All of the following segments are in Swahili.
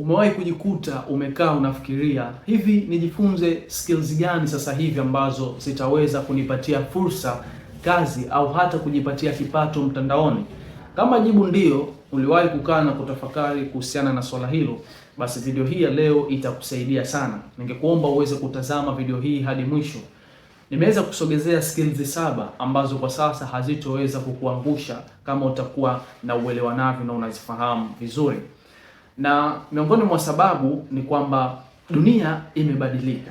Umewahi kujikuta umekaa unafikiria hivi, nijifunze skills gani sasa hivi ambazo zitaweza kunipatia fursa kazi au hata kujipatia kipato mtandaoni? Kama jibu ndio, uliwahi kukaa na kutafakari kuhusiana na swala hilo, basi video hii ya leo itakusaidia sana. Ningekuomba uweze kutazama video hii hadi mwisho. Nimeweza kusogezea skills saba ambazo kwa sasa hazitoweza kukuangusha kama utakuwa na uelewa navyo na unazifahamu vizuri na miongoni mwa sababu ni kwamba dunia imebadilika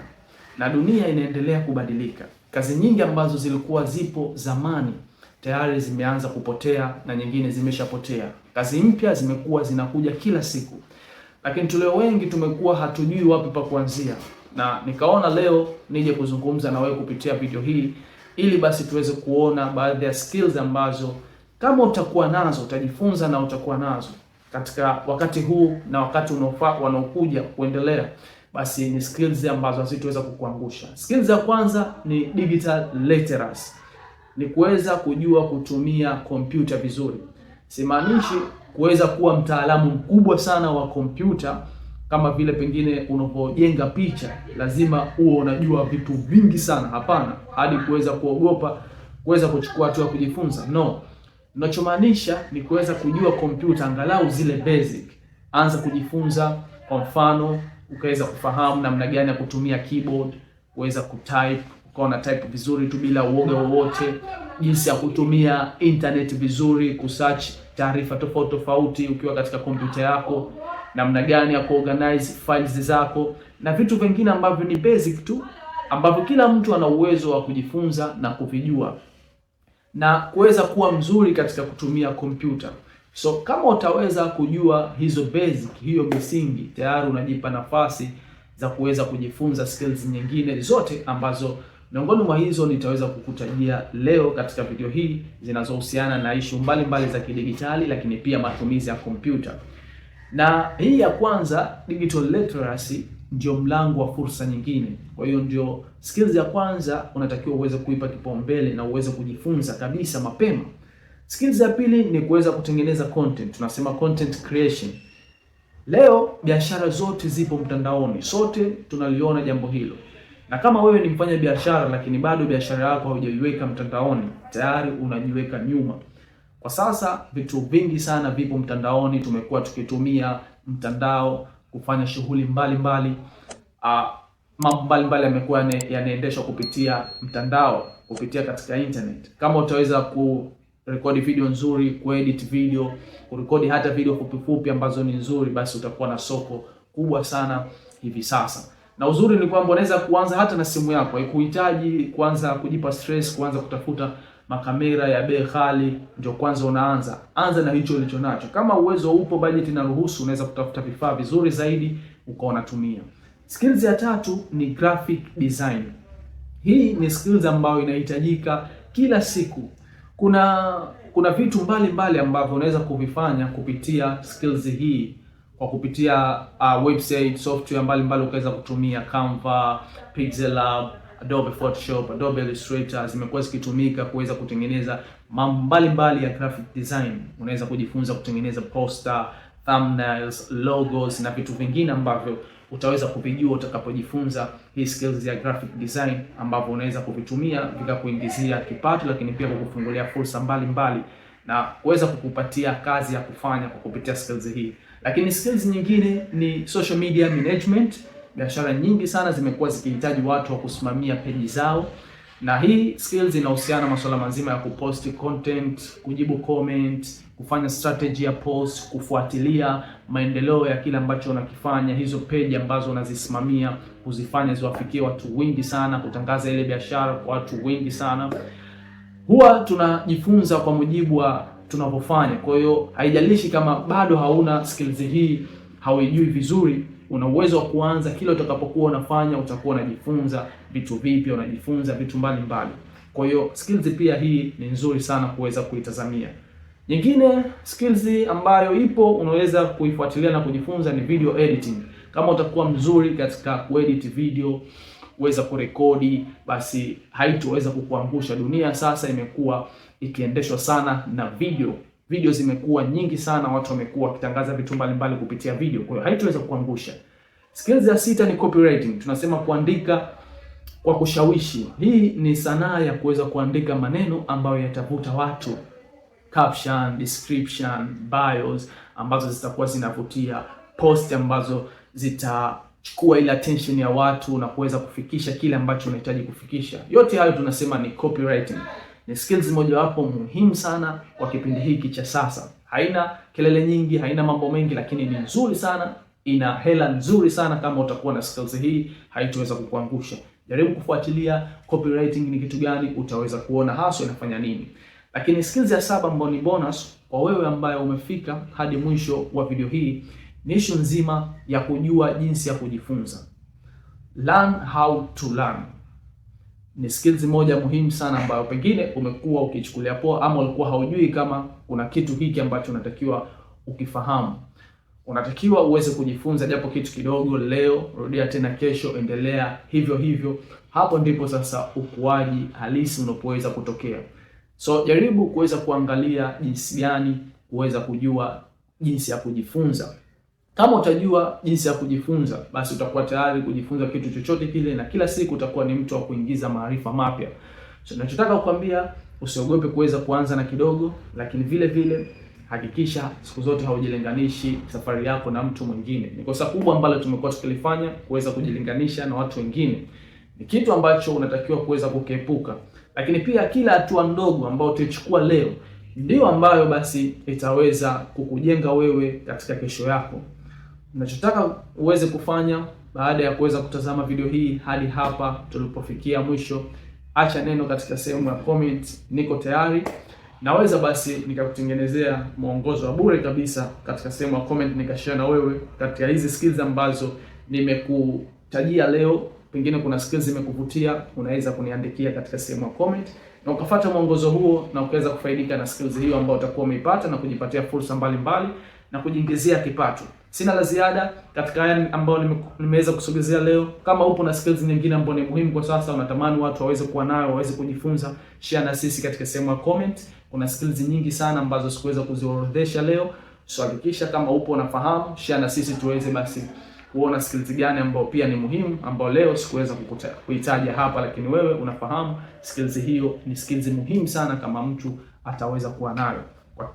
na dunia inaendelea kubadilika. Kazi nyingi ambazo zilikuwa zipo zamani tayari zimeanza kupotea na nyingine zimeshapotea. Kazi mpya zimekuwa zinakuja kila siku, lakini tulio wengi tumekuwa hatujui wapi pa kuanzia, na nikaona leo nije kuzungumza na wewe kupitia video hii, ili basi tuweze kuona baadhi ya skills ambazo kama utakuwa nazo utajifunza na utakuwa nazo katika wakati huu na wakati unaofaa wanaokuja kuendelea, basi ni skills ambazo hazitoweza kukuangusha. Skills ya kwanza ni digital literacy, ni kuweza kujua kutumia kompyuta vizuri. Simaanishi kuweza kuwa mtaalamu mkubwa sana wa kompyuta kama vile pengine unapojenga picha lazima uwe unajua vitu vingi sana. Hapana, hadi kuweza kuogopa kuweza kuchukua hatua ya kujifunza no unachomaanisha ni kuweza kujua kompyuta angalau zile basic. Anza kujifunza, kwa mfano ukaweza kufahamu namna gani ya kutumia keyboard, uweza kutype, ukawa na type vizuri tu bila uoga wowote, jinsi ya kutumia internet vizuri, kusearch taarifa tofauti tofauti ukiwa katika kompyuta yako, namna gani ya kuorganize files zako na vitu vingine ambavyo ni basic tu ambavyo kila mtu ana uwezo wa kujifunza na kuvijua na kuweza kuwa mzuri katika kutumia kompyuta. So kama utaweza kujua hizo basic, hiyo misingi, tayari unajipa nafasi za kuweza kujifunza skills nyingine zote ambazo miongoni mwa hizo nitaweza kukutajia leo katika video hii zinazohusiana na ishu mbalimbali za kidigitali, lakini pia matumizi ya kompyuta. Na hii ya kwanza, digital literacy ndio mlango wa fursa nyingine. Kwa hiyo ndio skills ya kwanza unatakiwa uweze kuipa kipaumbele na uweze kujifunza kabisa mapema. Skills ya pili ni kuweza kutengeneza content, tunasema content creation. Leo biashara zote zipo mtandaoni, sote tunaliona jambo hilo, na kama wewe ni mfanya biashara lakini bado biashara yako haujaiweka mtandaoni, tayari unajiweka nyuma. Kwa sasa vitu vingi sana vipo mtandaoni, tumekuwa tukitumia mtandao kufanya shughuli mbalimbali uh, mambo mbalimbali yamekuwa yanaendeshwa kupitia mtandao, kupitia katika internet. Kama utaweza kurekodi video nzuri, kuedit video, kurekodi hata video fupifupi ambazo ni nzuri, basi utakuwa na soko kubwa sana hivi sasa. Na uzuri ni kwamba unaweza kuanza hata na simu yako, haikuhitaji kuanza kujipa stress, kuanza kutafuta makamera ya bei ghali, ndio kwanza unaanza. Anza na hicho ulicho nacho. Kama uwezo upo, bajeti inaruhusu, unaweza kutafuta vifaa vizuri zaidi ukawa unatumia. Skills ya tatu ni graphic design. Hii ni skills ambayo inahitajika kila siku. Kuna kuna vitu mbalimbali ambavyo unaweza kuvifanya kupitia skills hii kwa kupitia uh, website software mbalimbali ukaweza kutumia Canva, Pixelab Adobe Photoshop, Adobe Illustrator zimekuwa zikitumika kuweza kutengeneza mambo mbalimbali ya graphic design. Unaweza kujifunza kutengeneza poster, thumbnails, logos na vitu vingine ambavyo utaweza kuvijua utakapojifunza hii skills ya graphic design, ambapo unaweza kuvitumia vikakuingizia kipato, lakini pia kukufungulia fursa mbalimbali mbali na kuweza kukupatia kazi ya kufanya kwa kupitia skills hii. Lakini skills nyingine ni social media management biashara nyingi sana zimekuwa zikihitaji watu wa kusimamia peji zao, na hii skills inahusiana masuala mazima ya kupost content, kujibu comment, kufanya strategy ya post, kufuatilia maendeleo ya kile ambacho unakifanya, hizo peji ambazo unazisimamia, kuzifanya ziwafikie watu wengi sana, kutangaza ile biashara kwa watu wengi sana. Huwa tunajifunza kwa mujibu wa tunavyofanya. Kwa hiyo haijalishi kama bado hauna skills hii, hauijui vizuri una uwezo wa kuanza kila utakapokuwa unafanya, utakuwa unajifunza vitu vipya, unajifunza vitu mbalimbali. Kwa hiyo skills pia hii ni nzuri sana kuweza kuitazamia. Nyingine skills ambayo ipo unaweza kuifuatilia na kujifunza ni video editing. Kama utakuwa mzuri katika kuedit video, uweza kurekodi, basi haitoweza kukuangusha. Dunia sasa imekuwa ikiendeshwa sana na video video zimekuwa nyingi sana, watu wamekuwa wakitangaza vitu mbalimbali kupitia video, kwa hiyo haitoweza kuangusha. Skills ya sita ni copywriting, tunasema kuandika kwa kushawishi. Hii ni sanaa ya kuweza kuandika maneno ambayo yatavuta watu, caption, description, bios ambazo zitakuwa zinavutia, post ambazo zitachukua ile attention ya watu na kuweza kufikisha kile ambacho unahitaji kufikisha. Yote hayo tunasema ni copywriting. Ni skills mojawapo muhimu sana kwa kipindi hiki cha sasa. Haina kelele nyingi, haina mambo mengi, lakini ni nzuri sana, ina hela nzuri sana. Kama utakuwa na skills hii, haitoweza kukuangusha. Jaribu kufuatilia copywriting ni kitu gani, utaweza kuona haswa inafanya nini. Lakini skills ya saba ambayo ni bonus kwa wewe ambaye umefika hadi mwisho wa video hii ni ishu nzima ya kujua jinsi ya kujifunza, learn how to learn ni skills moja muhimu sana ambayo pengine umekuwa ukichukulia poa ama ulikuwa haujui kama kuna kitu hiki ambacho unatakiwa ukifahamu. Unatakiwa uweze kujifunza japo kitu kidogo leo, rudia tena kesho, endelea hivyo hivyo. Hapo ndipo sasa ukuaji halisi unapoweza kutokea. So jaribu kuweza kuangalia jinsi gani kuweza kujua jinsi ya kujifunza. Kama utajua jinsi ya kujifunza, basi utakuwa tayari kujifunza kitu chochote kile, na kila siku utakuwa ni mtu wa kuingiza maarifa mapya. So ninachotaka kukwambia, usiogope kuweza kuanza na kidogo, lakini vile vile hakikisha siku zote haujilinganishi safari yako na mtu mwingine. Ni kosa kubwa ambalo tumekuwa tukilifanya, kuweza kujilinganisha na watu wengine. Ni kitu ambacho unatakiwa kuweza kukiepuka, lakini pia kila hatua ndogo ambayo utaichukua leo ndio ambayo basi itaweza kukujenga wewe katika kesho yako. Ninachotaka uweze kufanya baada ya kuweza kutazama video hii hadi hapa tulipofikia mwisho, acha neno katika sehemu ya comment, niko tayari. Naweza basi nikakutengenezea mwongozo wa bure kabisa katika sehemu ya comment, nikashare na wewe katika hizi skills ambazo nimekutajia leo. Pengine kuna skills zimekuvutia, unaweza kuniandikia katika sehemu ya comment na ukafuata mwongozo huo na ukaweza kufaidika na skills hiyo ambayo utakuwa umeipata na kujipatia fursa mbalimbali mbali, na kujiingizia kipato. Sina la ziada katika haya ambayo nimeweza kusogezea leo. Kama upo na skills nyingine ambayo ni muhimu kwa sasa, unatamani watu waweze kuwa nayo, waweze kujifunza, share na sisi katika sehemu ya comment. Kuna skills nyingi sana ambazo sikuweza kuziorodhesha leo, so hakikisha kama upo unafahamu, share na sisi tuweze basi kuona skills gani ambayo pia ni muhimu ambayo leo sikuweza kuitaja hapa, lakini wewe unafahamu skills hiyo ni skills muhimu sana, kama mtu ataweza kuwa nayo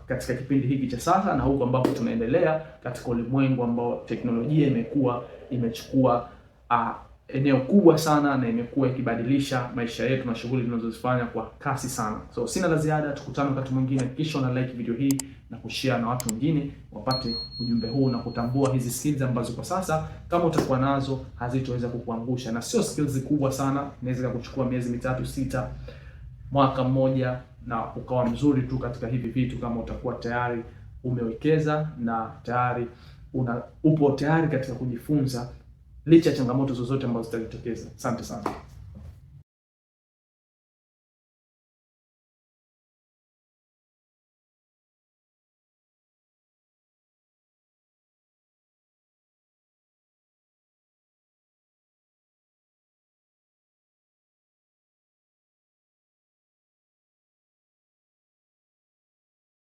katika kipindi hiki cha sasa na huko ambapo tunaendelea katika ulimwengu ambao teknolojia imekuwa imechukua uh, eneo kubwa sana na imekuwa ikibadilisha maisha yetu na shughuli tunazozifanya kwa kasi sana. So sina la ziada, tukutane wakati mwingine. Kisha una like video hii na kushare na watu wengine wapate ujumbe huu na kutambua hizi skills ambazo kwa sasa kama utakuwa nazo hazitoweza kukuangusha, na sio skills kubwa sana, inaweza kukuchukua miezi mitatu, sita, mwaka mmoja na ukawa mzuri tu katika hivi vitu, kama utakuwa tayari umewekeza na tayari una, upo tayari katika kujifunza licha ya changamoto zozote ambazo zitajitokeza. Asante sana.